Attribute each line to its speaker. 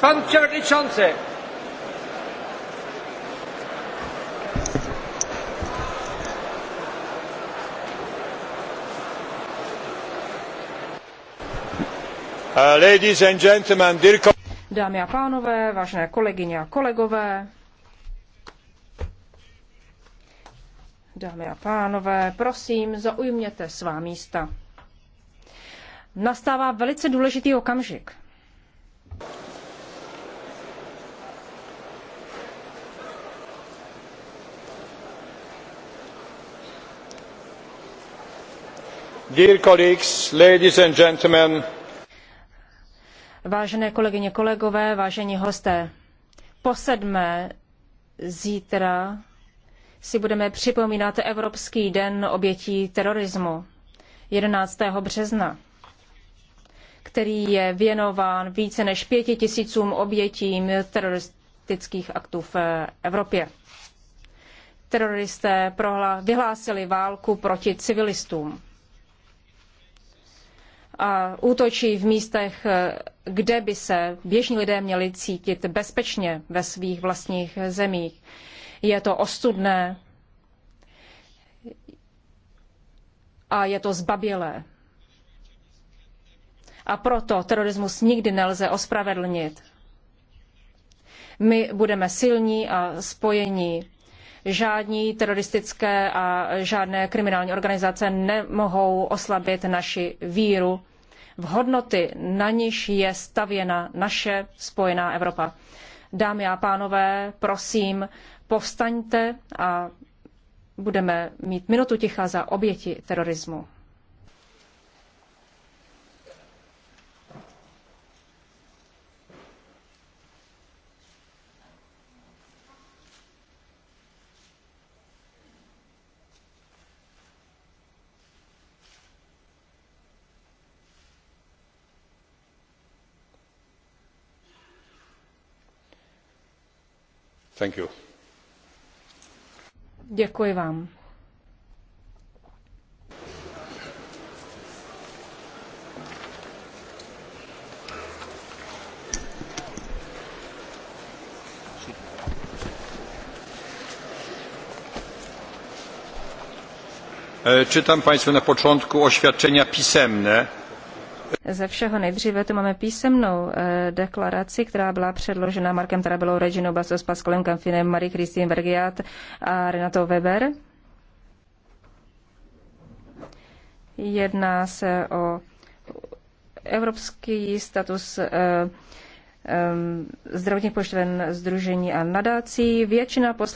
Speaker 1: Pan przewodniczący. Uh, ladies and gentlemen, dear Dámy a pánové, vážené kolegyně a kolegové, dámy a pánové, prosím, zaujměte svá místa. Nastává velice důležitý okamžik. Vážené kolegyně, kolegové, vážení hosté, po sedmé zítra si budeme připomínat Evropský den obětí terorismu 11. března, který je věnován více než pěti tisícům obětím teroristických aktů v Evropě teroristé vyhlásili válku proti civilistům a útočí v místech, kde by se běžní lidé měli cítit bezpečně ve svých vlastních zemích. Je to ostudné a je to zbabělé. A proto terorismus nikdy nelze ospravedlnit. My budeme silní a spojení. Žádní teroristické a žádné kriminální organizace nemohou oslabit naši víru v hodnoty, na níž je stavěna naše spojená Evropa. Dámy a pánové, prosím, povstaňte a budeme mít minutu ticha za oběti terorismu. Thank you. Děkuji vám. E, czytam Państwu na początku oświadczenia pisemne. Ze všeho nejdříve tu máme písemnou eh, deklaraci, která byla předložena Markem Tarabelou, Reginou s Pascalem Kamfinem, Marie Christine Vergiat a Renato Weber. Jedná se o evropský status eh, eh, zdravotních pošven združení a nadací. Většina poslanců